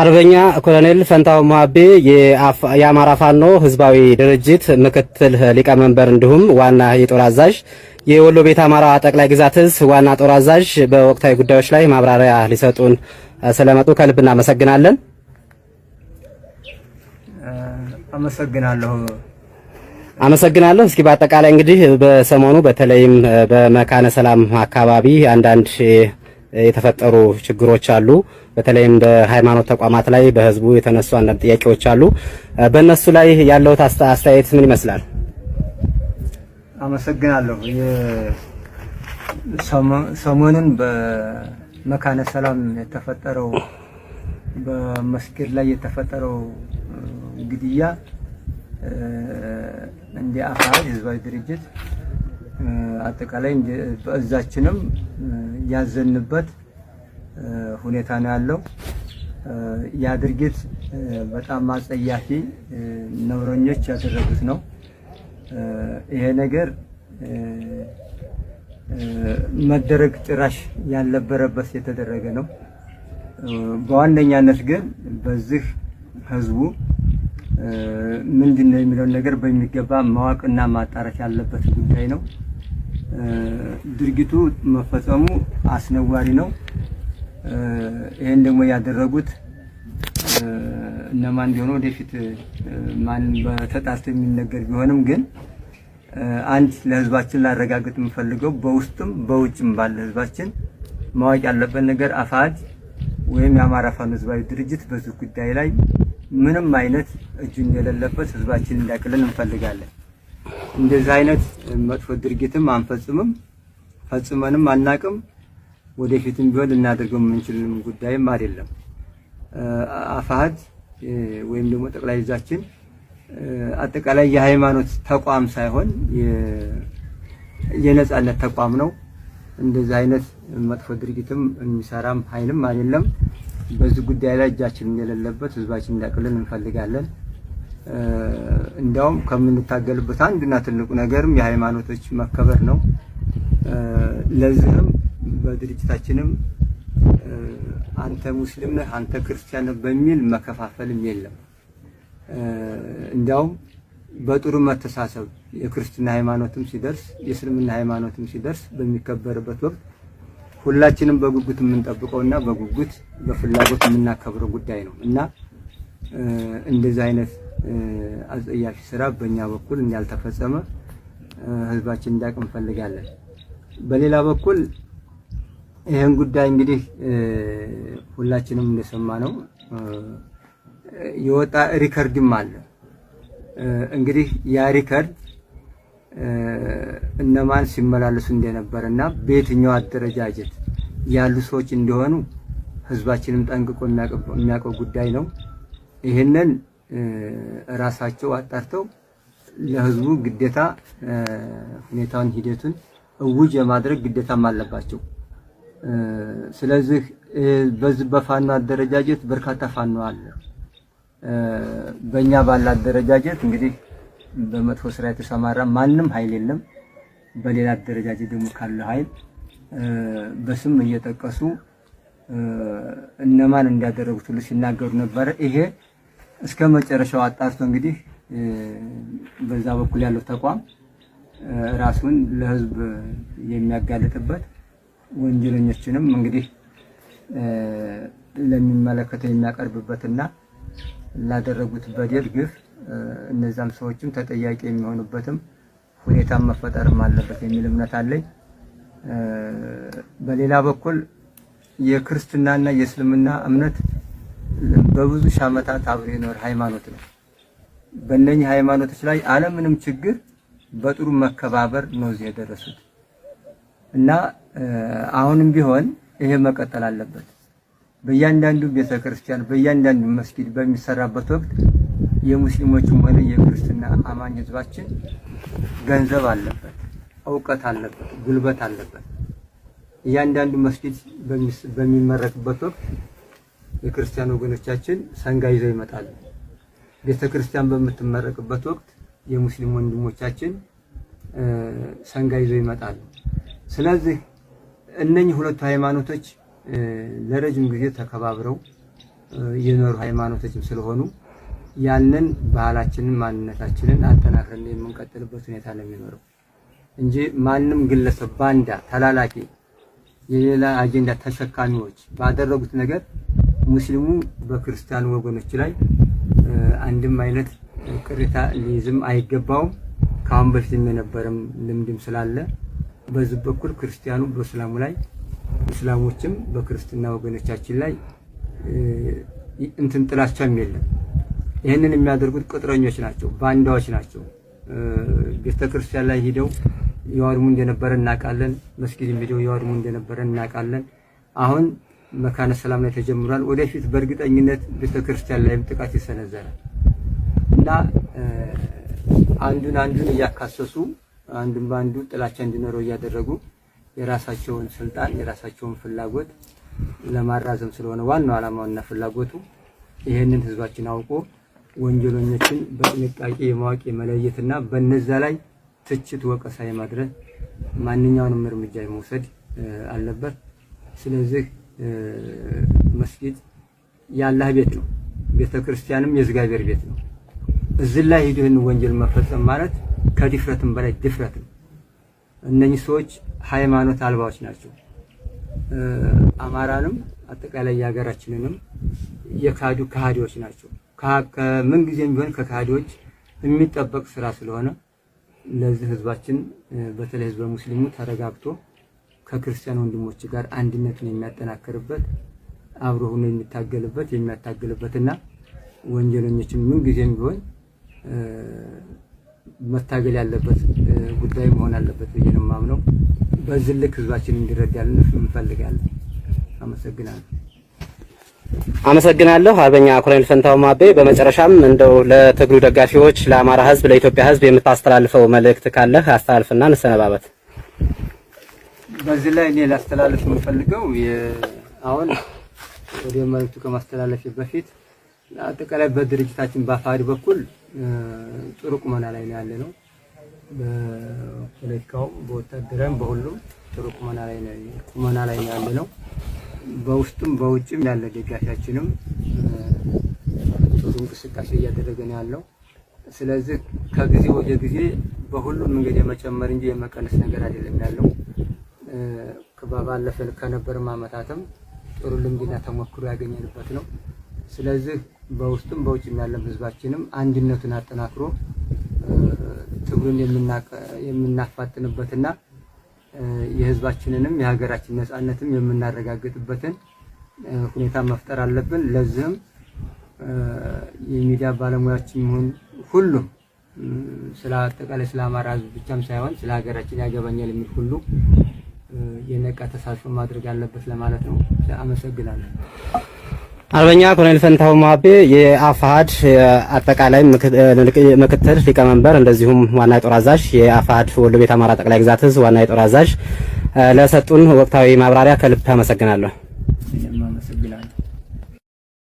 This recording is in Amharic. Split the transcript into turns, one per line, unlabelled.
አርበኛ ኮሎኔል ፈንታው ማቤ የአማራ ፋኖ ህዝባዊ ድርጅት ምክትል ሊቀመንበር እንዲሁም ዋና የጦር አዛዥ፣ የወሎ ቤት አማራ ጠቅላይ ግዛት እዝ ዋና ጦር አዛዥ በወቅታዊ ጉዳዮች ላይ ማብራሪያ ሊሰጡን ስለመጡ ከልብ እናመሰግናለን።
አመሰግናለሁ።
አመሰግናለሁ። እስኪ በአጠቃላይ እንግዲህ በሰሞኑ በተለይም በመካነ ሰላም አካባቢ አንዳንድ የተፈጠሩ ችግሮች አሉ። በተለይም በሃይማኖት ተቋማት ላይ በህዝቡ የተነሱ አንዳንድ ጥያቄዎች አሉ። በእነሱ ላይ ያለው አስተያየት ምን ይመስላል?
አመሰግናለሁ። ሰሞኑን በመካነ ሰላም የተፈጠረው በመስጊድ ላይ የተፈጠረው ግድያ እንደ አፋሕድ ህዝባዊ ድርጅት አጠቃላይ በእዛችንም ያዘንበት ሁኔታ ነው ያለው። ያ ድርጊት በጣም አጸያፊ ነውረኞች ያደረጉት ነው። ይሄ ነገር መደረግ ጭራሽ ያልነበረበት የተደረገ ነው። በዋነኛነት ግን በዚህ ህዝቡ ምንድን ነው የሚለውን ነገር በሚገባ ማወቅና ማጣራት ያለበት ጉዳይ ነው። ድርጊቱ መፈጸሙ አስነዋሪ ነው። ይህን ደግሞ ያደረጉት እነማን እንደሆነ ወደፊት ማን በተጣርቶ የሚነገር ቢሆንም ግን አንድ ለህዝባችን ላረጋግጥ የምፈልገው በውስጥም በውጭም ባለ ህዝባችን ማወቅ ያለበት ነገር አፋድ ወይም የአማራ ፋኖ ህዝባዊ ድርጅት በዚህ ጉዳይ ላይ ምንም አይነት እጁ እንደሌለበት ህዝባችን እንዳቅልን እንፈልጋለን። እንደዚህ አይነት መጥፎ ድርጊትም አንፈጽምም፣ ፈጽመንም አናቅም። ወደፊትም ቢሆን ልናደርገው የምንችልም ጉዳይም አይደለም። አፋሕድ ወይም ደግሞ ጠቅላይ እዛችን አጠቃላይ የሃይማኖት ተቋም ሳይሆን የነጻነት ተቋም ነው። እንደዚህ አይነት መጥፎ ድርጊትም የሚሰራም ኃይልም አይደለም። በዚህ ጉዳይ ላይ እጃችን እንደሌለበት ህዝባችን እንዳቅልን እንፈልጋለን። እንዲያውም ከምንታገልበት አንድና ትልቁ ነገርም የሃይማኖቶች መከበር ነው። ለዚህም በድርጅታችንም አንተ ሙስሊም ነህ፣ አንተ ክርስቲያን ነህ በሚል መከፋፈልም የለም። እንዲያውም በጥሩ መተሳሰብ የክርስትና ሃይማኖትም ሲደርስ የእስልምና ሃይማኖትም ሲደርስ በሚከበርበት ወቅት ሁላችንም በጉጉት እና በጉጉት በፍላጎት የምናከብረው ጉዳይ ነው እና እንደዚህ አይነት አጸያፊ ስራ በእኛ በኩል እንዳልተፈጸመ ህዝባችን እንዲያውቅ እንፈልጋለን። በሌላ በኩል ይህን ጉዳይ እንግዲህ ሁላችንም እንደሰማ ነው የወጣ ሪከርድም አለ። እንግዲህ ያ ሪከርድ እነማን ሲመላለሱ እንደነበር እና በየትኛው አደረጃጀት ያሉ ሰዎች እንደሆኑ ህዝባችንም ጠንቅቆ የሚያውቀው ጉዳይ ነው። ይህንን ራሳቸው አጣርተው ለህዝቡ ግዴታ ሁኔታውን፣ ሂደቱን እውጅ የማድረግ ግዴታም አለባቸው። ስለዚህ በዚህ በፋኖ አደረጃጀት በርካታ ፋኖ አለ። በእኛ ባለ አደረጃጀት እንግዲህ በመጥፎ ስራ የተሰማራ ማንም ኃይል የለም። በሌላ አደረጃጀት ደግሞ ካለ ኃይል በስም እየጠቀሱ እነማን እንዳደረጉት ሁሉ ሲናገሩ ነበረ። ይሄ እስከ መጨረሻው አጣርቶ እንግዲህ በዛ በኩል ያለው ተቋም ራሱን ለሕዝብ የሚያጋልጥበት ወንጀለኞችንም እንግዲህ ለሚመለከተው የሚያቀርብበትና ላደረጉት በደል ግፍ እነዛም ሰዎችም ተጠያቂ የሚሆኑበትም ሁኔታ መፈጠርም አለበት የሚል እምነት አለኝ። በሌላ በኩል የክርስትናና የእስልምና እምነት በብዙ ሺህ ዓመታት አብሮ የኖረ ሃይማኖት ነው። በእነኚህ ሃይማኖቶች ላይ አለምንም ችግር በጥሩ መከባበር ነው እዚህ የደረሱት እና አሁንም ቢሆን ይሄ መቀጠል አለበት። በእያንዳንዱ ቤተክርስቲያን፣ በእያንዳንዱ መስጊድ በሚሰራበት ወቅት የሙስሊሞችም ሆነ የክርስትና አማኝ ህዝባችን ገንዘብ አለበት፣ እውቀት አለበት፣ ጉልበት አለበት። እያንዳንዱ መስጊድ በሚመረቅበት ወቅት የክርስቲያን ወገኖቻችን ሰንጋ ይዘው ይመጣሉ። ቤተ ክርስቲያን በምትመረቅበት ወቅት የሙስሊም ወንድሞቻችን ሰንጋ ይዘው ይመጣሉ። ስለዚህ እነኚህ ሁለቱ ሃይማኖቶች ለረጅም ጊዜ ተከባብረው የኖሩ ሃይማኖቶችም ስለሆኑ ያንን ባህላችንን ማንነታችንን አጠናክረን የምንቀጥልበት ሁኔታ ነው የሚኖረው እንጂ ማንም ግለሰብ ባንዳ፣ ተላላኪ፣ የሌላ አጀንዳ ተሸካሚዎች ባደረጉት ነገር ሙስሊሙ በክርስቲያኑ ወገኖች ላይ አንድም አይነት ቅሬታ ሊይዝም አይገባውም። ከአሁን በፊትም የነበረም ልምድም ስላለ በዚህ በኩል ክርስቲያኑ በእስላሙ ላይ እስላሞችም በክርስትና ወገኖቻችን ላይ እንትን ጥላቻም የለም። ይህንን የሚያደርጉት ቅጥረኞች ናቸው፣ ባንዳዎች ናቸው። ቤተክርስቲያን ላይ ሂደው የዋድሙ እንደነበረ እናውቃለን። መስጊድ ሂደው የዋድሙ እንደነበረ እናውቃለን። አሁን መካነ ሰላም ላይ ተጀምሯል። ወደፊት በእርግጠኝነት ቤተክርስቲያን ላይም ጥቃት ይሰነዘራል እና አንዱን አንዱን እያካሰሱ አንዱን በአንዱ ጥላቻ እንዲኖረው እያደረጉ የራሳቸውን ስልጣን የራሳቸውን ፍላጎት ለማራዘም ስለሆነ ዋናው ዓላማውና ፍላጎቱ ይህንን ህዝባችን አውቆ ወንጀለኞችን በጥንቃቄ የማወቅ የመለየትና በነዛ ላይ ትችት ወቀሳ የማድረግ ማንኛውንም እርምጃ የመውሰድ አለበት። ስለዚህ መስጊድ የአላህ ቤት ነው፣ ቤተ ክርስቲያንም የእግዚአብሔር ቤት ነው። እዚህ ላይ ሂዶ ይህን ወንጀል መፈጸም ማለት ከድፍረትም በላይ ድፍረት ነው። እነኚህ ሰዎች ሃይማኖት አልባዎች ናቸው። አማራንም አጠቃላይ የሀገራችንንም የካዱ ከሃዲዎች ናቸው። ከምን ጊዜም ቢሆን ከካዲዎች የሚጠበቅ ስራ ስለሆነ ለዚህ ህዝባችን በተለይ ህዝበ ሙስሊሙ ተረጋግቶ ከክርስቲያን ወንድሞች ጋር አንድነቱን የሚያጠናክርበት አብሮ ሆኖ የሚታገልበት የሚያታግልበትና ወንጀለኞችን ምን ጊዜም ቢሆን መታገል ያለበት ጉዳይ መሆን አለበት ብዬ ነው የማምነው። በዚህ ልክ ህዝባችን እንዲረዳልን እንፈልጋለን። አመሰግናለሁ።
አመሰግናለሁ አርበኛ ኮሎኔል ፈንታው ማቤ። በመጨረሻም እንደው ለትግሉ ደጋፊዎች፣ ለአማራ ህዝብ፣ ለኢትዮጵያ ህዝብ የምታስተላልፈው መልእክት ካለህ አስተላልፍና እንሰነባበት።
በዚህ ላይ እኔ ላስተላልፍ የምፈልገው አሁን ወደ መልእክቱ ከማስተላለፍ በፊት አጠቃላይ በድርጅታችን በአፋሪ በኩል ጥሩ ቁመና ላይ ነው ያለ ነው። በፖለቲካውም በወታደራዊም በሁሉም ጥሩ ቁመና ላይ ነው ያለ ነው። በውስጡም በውጭም ያለ ደጋፊያችንም ጥሩ እንቅስቃሴ እያደረገ ነው ያለው። ስለዚህ ከጊዜ ወደ ጊዜ በሁሉም መንገድ የመጨመር እንጂ የመቀነስ ነገር አይደለም ያለው። ባለፈ ከነበረም አመታትም ጥሩ ልምድና ተሞክሮ ያገኘንበት ነው። ስለዚህ በውስጡም በውጭም ያለም ህዝባችንም አንድነቱን አጠናክሮ ትግሩን የምናፋጥንበትና የህዝባችንንም የሀገራችን ነጻነትም የምናረጋግጥበትን ሁኔታ መፍጠር አለብን። ለዚህም የሚዲያ ባለሙያዎችም ይሁን ሁሉም ስለ አጠቃላይ ስለ አማራ ህዝብ ብቻም ሳይሆን ስለ ሀገራችን ያገባኛል የሚል ሁሉ የነቃ ተሳትፎ ማድረግ አለበት ለማለት ነው። አመሰግናለሁ።
አርበኛ ኮሎኔል ፈንታው ማቤ የአፋሃድ አጠቃላይ ምክትል ሊቀመንበር እንደዚሁም ዋና የጦር አዛዥ የአፋሃድ ወሎ ቤት አማራ ጠቅላይ ግዛት እዝ ዋና የጦር አዛዥ ለሰጡን ወቅታዊ ማብራሪያ ከልብ አመሰግናለሁ።